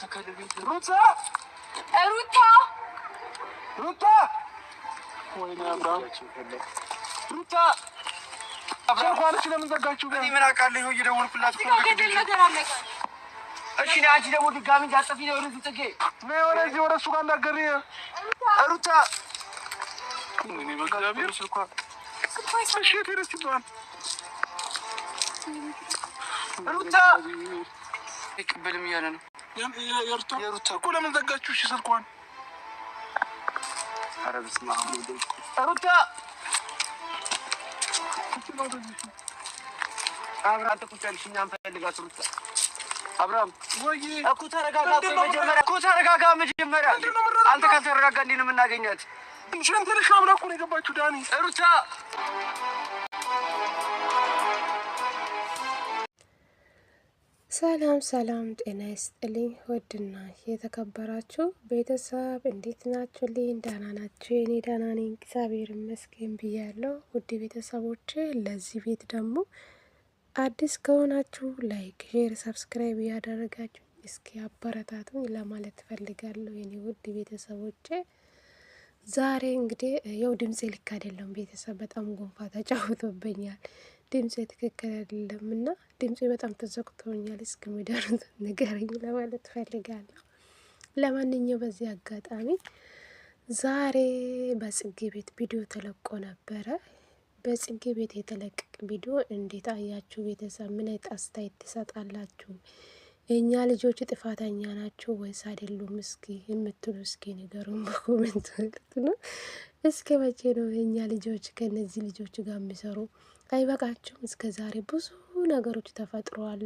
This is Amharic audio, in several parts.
ሩታ ሩታ ሩታ ሩታ ለምን ዘጋችሁ? እኔ ምን አውቃለሁ? እየደወልኩላት እሺ አንቺ ደግሞ ድጋሚ እንዳጠፊ ነው። ወደዚህ ጽጌ ወደዚህ ወደ እሱ ጋር ሩታ እያለ ነው የሩታ እኮ ለምን ዘጋችሁ? እሺ ስልኳን ሩታ አብርሃም እኮ ተረጋጋ፣ መጀመሪያ እኮ ተረጋጋ። መጀመሪያ አንተ ካልተረጋጋ እንዴት ነው የምናገኛት? ሽንት ልሽ እኮ ነው የገባችሁ ዳኒ ሩታ ሰላም ሰላም፣ ጤና ይስጥልኝ ውድና የተከበራችሁ ቤተሰብ እንዴት ናችሁልኝ? ደህና ናችሁ? የኔ ደህና ነኝ እግዚአብሔር ይመስገን ብያለሁ። ውድ ቤተሰቦች ለዚህ ቤት ደግሞ አዲስ ከሆናችሁ ላይክ፣ ሼር፣ ሰብስክራይብ እያደረጋችሁ እስኪ አበረታቱኝ ለማለት ፈልጋለሁ። የኔ ውድ ቤተሰቦች ዛሬ እንግዲህ የው ድምፄ ልክ አይደለም ቤተሰብ፣ በጣም ጉንፋ ተጫውቶብኛል። ድምፅ ትክክል አይደለም እና ድምፅ በጣም ተዘግቶኛል። እስከ መዳሩት ንገረኝ ለማለት ፈልጋለሁ። ለማንኛው በዚህ አጋጣሚ ዛሬ በጽጌ ቤት ቪዲዮ ተለቆ ነበረ። በጽጌ ቤት የተለቀቀ ቪዲዮ እንዴት አያችሁ? ቤተሰብ ምን አይነት አስተያየት ትሰጣላችሁ? የእኛ ልጆች ጥፋተኛ ናቸው ወይስ አይደሉም? እስኪ የምትሉ እስኪ ንገሩን በኮሜንት ነው። እስከ መቼ ነው የእኛ ልጆች ከእነዚህ ልጆች ጋር የሚሰሩ? አይበቃቸውም። እስከ ዛሬ ብዙ ነገሮች ተፈጥረዋል።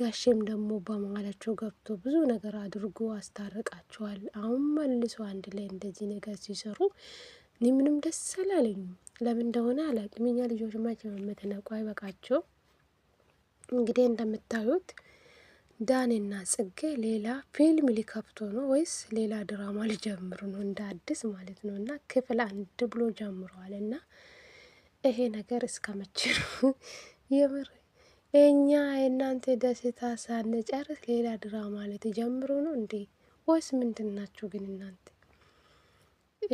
ጋሼም ደግሞ በመሀላቸው ገብቶ ብዙ ነገር አድርጎ አስታርቃቸዋል። አሁን መልሶ አንድ ላይ እንደዚህ ነገር ሲሰሩ እኔ ምንም ደስ አላለኝም። ለምን እንደሆነ አላውቅም። የኛ ልጆች መቼ መመተነቁ አይበቃቸው። እንግዲህ እንደምታዩት ዳኔና ጽጌ ሌላ ፊልም ሊከፍቶ ነው ወይስ ሌላ ድራማ ሊጀምሩ ነው? እንደ አዲስ ማለት ነው። እና ክፍል አንድ ብሎ ጀምረዋል እና ይሄ ነገር እስከመቼ ነው? የምር እኛ የእናንተ ደስታ ሳንጨርስ ሌላ ድራማ ላይ ተጀምሮ ነው እንዴ? ወይስ ምንድን ናቸው ግን እናንተ?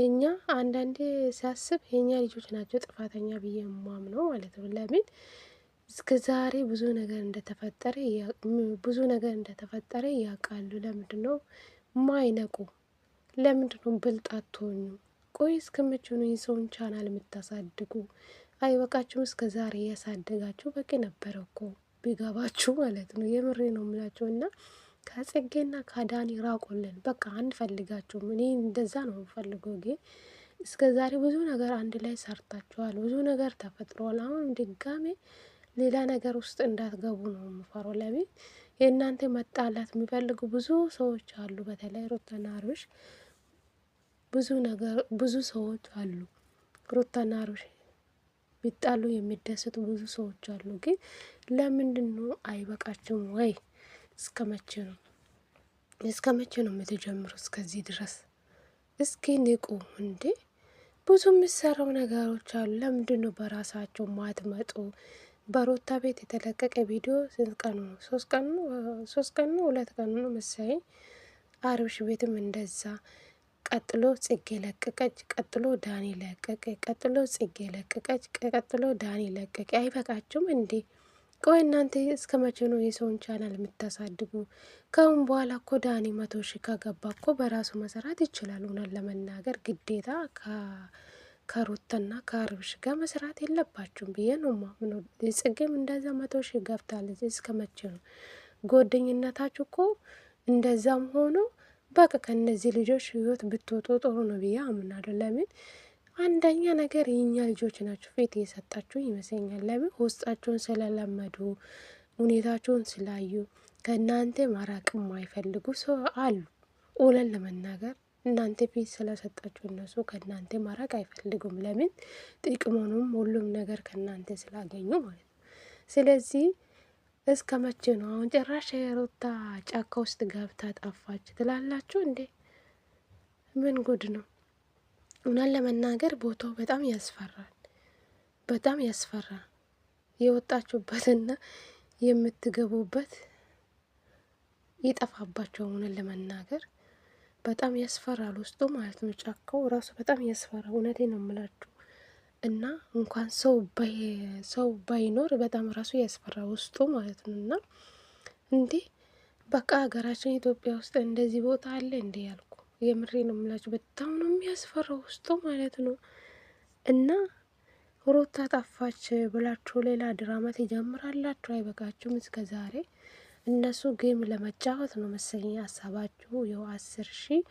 እኛ አንዳንዴ ሲያስብ የእኛ ልጆች ናቸው ጥፋተኛ ብዬ የማም ነው ማለት ነው። ለምን እስከ ዛሬ ብዙ ነገር እንደተፈጠረ ብዙ ነገር እንደተፈጠረ ያውቃሉ። ለምንድን ነው ማይነቁ? ለምንድን ነው ብልጥ ቆይ እስከመቼ ነው የሰውን ቻናል የምታሳድጉ? አይበቃችሁም? እስከ ዛሬ እያሳደጋችሁ በቂ ነበረ እኮ ቢገባችሁ ማለት ነው። የምሬ ነው የምላችሁ እና ከጽጌና ከዳኒ ራቁልን። በቃ አንፈልጋችሁም። እኔ እንደዛ ነው የምፈልገው። ግን እስከ ዛሬ ብዙ ነገር አንድ ላይ ሰርታችኋል። ብዙ ነገር ተፈጥሯል። አሁን ድጋሜ ሌላ ነገር ውስጥ እንዳትገቡ ነው የምፈራው። ለምን የእናንተ መጣላት የሚፈልጉ ብዙ ሰዎች አሉ፣ በተለይ ሩታና ብዙ ነገር ብዙ ሰዎች አሉ። ሩታና አብርሽ ቢጣሉ የሚደሰቱ ብዙ ሰዎች አሉ። ግን ለምንድን ነው አይበቃችሁም ወይ? እስከ መቼ ነው እስከ መቼ ነው የምትጀምሩ? እስከዚህ ድረስ እስኪ ንቁ እንዴ! ብዙ የሚሰራው ነገሮች አሉ። ለምንድን ነው በራሳቸው ማትመጡ? በሩታ ቤት የተለቀቀ ቪዲዮ ስንት ቀኑ ነው? ሶስት ቀኑ ሶስት ቀኑ ሁለት ቀኑ ነው መሰለኝ። አብርሽ ቤትም እንደዛ ቀጥሎ ጽጌ ለቀቀች፣ ቀጥሎ ዳኒ ለቀቀ፣ ቀጥሎ ጽጌ ለቀቀች፣ ቀጥሎ ዳኒ ለቀቀ። አይበቃችሁም እንዴ? ቆይ እናንተ እስከ መቼ ነው የሰውን ቻናል የምታሳድጉ? ከአሁን በኋላ እኮ ዳኒ መቶ ሺ ከገባ እኮ በራሱ መሰራት ይችላል። እውነት ለመናገር ግዴታ ከሩታና ከአብርሽ ጋር መስራት የለባችሁም ብዬ ነው ማምነው። ጽጌም እንደዛ መቶ ሺ ገብታለች። እስከ መቼ ነው ጓደኝነታችሁ? እኮ እንደዛም ሆኖ በቃ ከነዚህ ልጆች ህይወት ብትወጡ ጥሩ ነው ብዬ አምናለሁ። ለምን አንደኛ ነገር የኛ ልጆች ናቸው ፊት እየሰጣችሁ ይመስለኛል። ለምን ውስጣችሁን ስለለመዱ ሁኔታችሁን ስላዩ ከእናንተ ማራቅ የማይፈልጉ ሰው አሉ። ውለን ለመናገር እናንተ ፊት ስለሰጣችሁ እነሱ ከእናንተ ማራቅ አይፈልጉም። ለምን ጥቅሙንም ሁሉም ነገር ከእናንተ ስላገኙ ማለት ነው። ስለዚህ እስከ መቼ ነው አሁን? ጭራሽ የሩታ ጫካ ውስጥ ገብታ ጠፋች ትላላችሁ እንዴ? ምን ጉድ ነው? እውነት ለመናገር ቦታው በጣም ያስፈራል፣ በጣም ያስፈራል። የወጣችሁበትና የምትገቡበት ይጠፋባቸው። እውነት ለመናገር በጣም ያስፈራል፣ ውስጡ ማለት ነው። ጫካው ራሱ በጣም ያስፈራል። እውነቴ ነው የምላችሁ። እና እንኳን ሰው ሰው ባይኖር በጣም ራሱ ያስፈራ ውስጡ ማለት ነው። እና እንዴ በቃ ሀገራችን ኢትዮጵያ ውስጥ እንደዚህ ቦታ አለ እንዴ ያልኩ የምሬ ነው የምላችሁ። በጣም ነው የሚያስፈራው ውስጡ ማለት ነው። እና ሩታ ጠፋች ብላችሁ ሌላ ድራማ ትጀምራላችሁ፣ አይበቃችሁም? እስከ ዛሬ እነሱ ጌም ለመጫወት ነው መሰለኝ ሀሳባችሁ። የው አስር ሺህ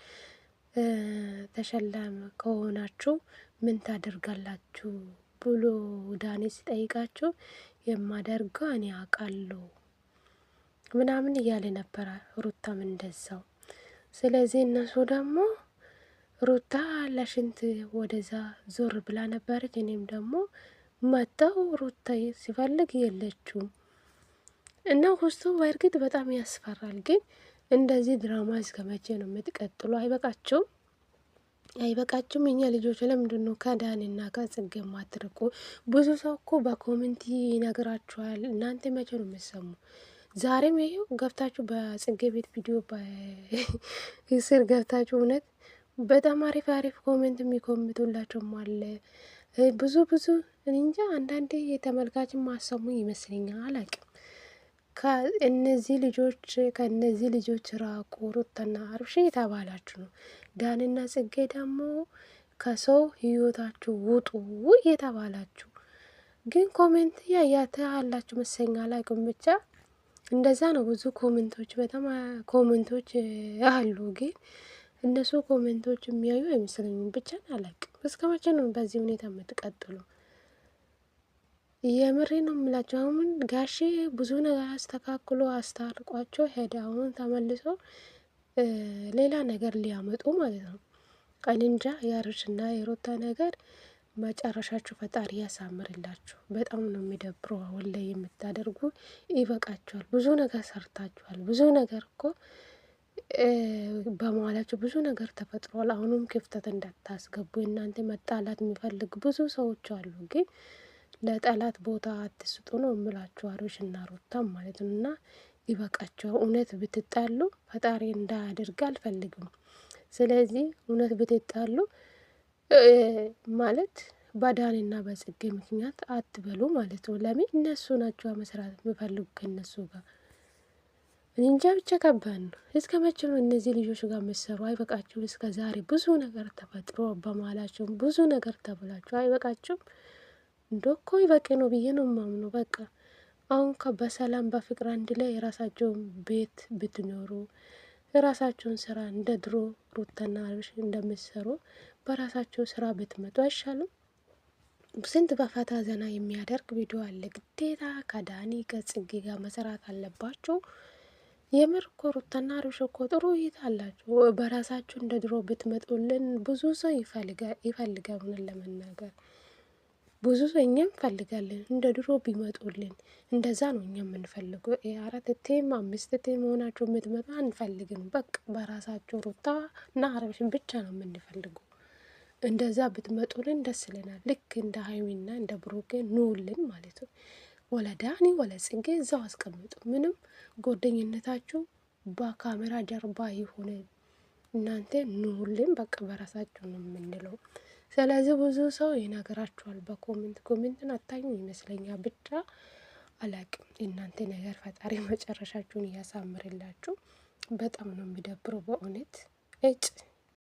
ተሸላሚ ከሆናችሁ ምን ታደርጋላችሁ ብሎ ዳኔ ሲጠይቃቸው የማደርገው እኔ አውቃለሁ ምናምን እያለ ነበረ። ሩታም እንደዛው። ስለዚህ እነሱ ደግሞ ሩታ ለሽንት ወደዛ ዞር ብላ ነበረች። እኔም ደግሞ መጣው ሩታ ሲፈልግ የለችውም እና ውስጡ በእርግጥ በጣም ያስፈራል። ግን እንደዚህ ድራማ እስከ መቼ ነው የምትቀጥሉ? አይበቃቸውም? አይበቃችሁም? እኛ ልጆች ለምንድን ነው ከዳንና ከጽጌ የማትርቁ? ብዙ ሰው እኮ በኮሜንት ይነግራችኋል። እናንተ መቼ ነው የምሰሙ? ዛሬም ይሄው ገብታችሁ በጽጌ ቤት ቪዲዮ ስር ገብታችሁ እውነት በጣም አሪፍ አሪፍ ኮሜንት የሚኮምቱላቸውም አለ። ብዙ ብዙ እንጃ አንዳንዴ የተመልካችን ማሰሙ ይመስለኛል አላቅም። ከእነዚህ ልጆች ከእነዚህ ልጆች ራቁ ሩታና አብርሽ እየተባላችሁ ነው። ዳንና ጽጌ ደግሞ ከሰው ህይወታችሁ ውጡ እየተባላችሁ ግን ኮሜንት ያያተ አላችሁ መሰኛ ላይ ብቻ እንደዛ ነው። ብዙ ኮሜንቶች በጣም ኮሜንቶች አሉ፣ ግን እነሱ ኮሜንቶች የሚያዩ አይመስለኝም። ብቻን አላቅም እስከ መቼ ነው በዚህ ሁኔታ የምትቀጥሉ? የምሬ ነው የምላቸው። አሁን ጋሼ ብዙ ነገር አስተካክሎ አስታርቋቸው ሄደ። አሁን ተመልሶ ሌላ ነገር ሊያመጡ ማለት ነው። ቀንንጃ የአብርሽና የሩታ ነገር መጨረሻችሁ ፈጣሪ ያሳምርላችሁ። በጣም ነው የሚደብረው። አሁን ላይ የምታደርጉ ይበቃችኋል። ብዙ ነገር ሰርታችኋል። ብዙ ነገር እኮ በመዋላችሁ ብዙ ነገር ተፈጥሯል። አሁኑም ክፍተት እንዳታስገቡ። እናንተ መጣላት የሚፈልግ ብዙ ሰዎች አሉ ግን ለጠላት ቦታ አትስጡ ነው የምላችሁ አብርሽ እና ሩታም ማለት ነው። እና ይበቃቸው። እውነት ብትጣሉ ፈጣሪ እንዳያደርግ አልፈልግም። ስለዚህ እውነት ብትጣሉ ማለት በዳንና በጽጌ ምክንያት አትበሉ ማለት ነው። ለምን እነሱ ናቸው መስራት የሚፈልጉ ከነሱ ጋር እንጃ ብቻ ከባድ ነው። እስከ መቼ ነው እነዚህ ልጆች ጋር መሰሩ አይበቃቸው እስከ ዛሬ ብዙ ነገር ተፈጥሮ በማላቸውም ብዙ ነገር ተብላቸው አይበቃቸውም እንደ እኮ ይበቂ ነው ብዬ ነው የማምነው። በቃ አሁን በሰላም በፍቅር አንድ ላይ የራሳቸውን ቤት ብትኖሩ የራሳቸውን ስራ እንደ ድሮ ሩታና አብርሽ እንደምትሰሩ በራሳቸው ስራ ብትመጡ አይሻልም? ስንት በፈታ ዘና የሚያደርግ ቪዲዮ አለ። ግዴታ ከዳኒ ከጽጌ ጋር መሰራት አለባቸው። የምር እኮ ሩታና አብርሽ እኮ ጥሩ እይታ አላቸው። በራሳቸው እንደ ድሮ ብትመጡልን ብዙ ሰው ይፈልጋል። እውነቱን ለመናገር ብዙ ሰው እኛ እንፈልጋለን እንደ ድሮ ቢመጡልን እንደዛ ነው እኛ የምንፈልገው። አራት ቴም አምስት ቴም መሆናቸው የምትመጣ አንፈልግም። በቃ በራሳቸው ሩታ እና አረብሽን ብቻ ነው የምንፈልገው። እንደዛ ብትመጡልን ደስ ይለናል። ልክ እንደ ሀይሚና እንደ ብሩኬ ኑልን ማለት ነው። ወለ ዳኒ ወለ ጽጌ እዛው አስቀምጡ። ምንም ጓደኝነታችሁ በካሜራ ጀርባ የሆነ እናንተ ኑልን በቃ በራሳቸው ነው የምንለው። ስለዚህ ብዙ ሰው ይነግራችኋል በኮሜንት ኮሜንትን አታኙ ይመስለኛል። ብቻ አላቅም። የእናንተ ነገር ፈጣሪ መጨረሻችሁን እያሳምርላችሁ። በጣም ነው የሚደብረው በእውነት እጭ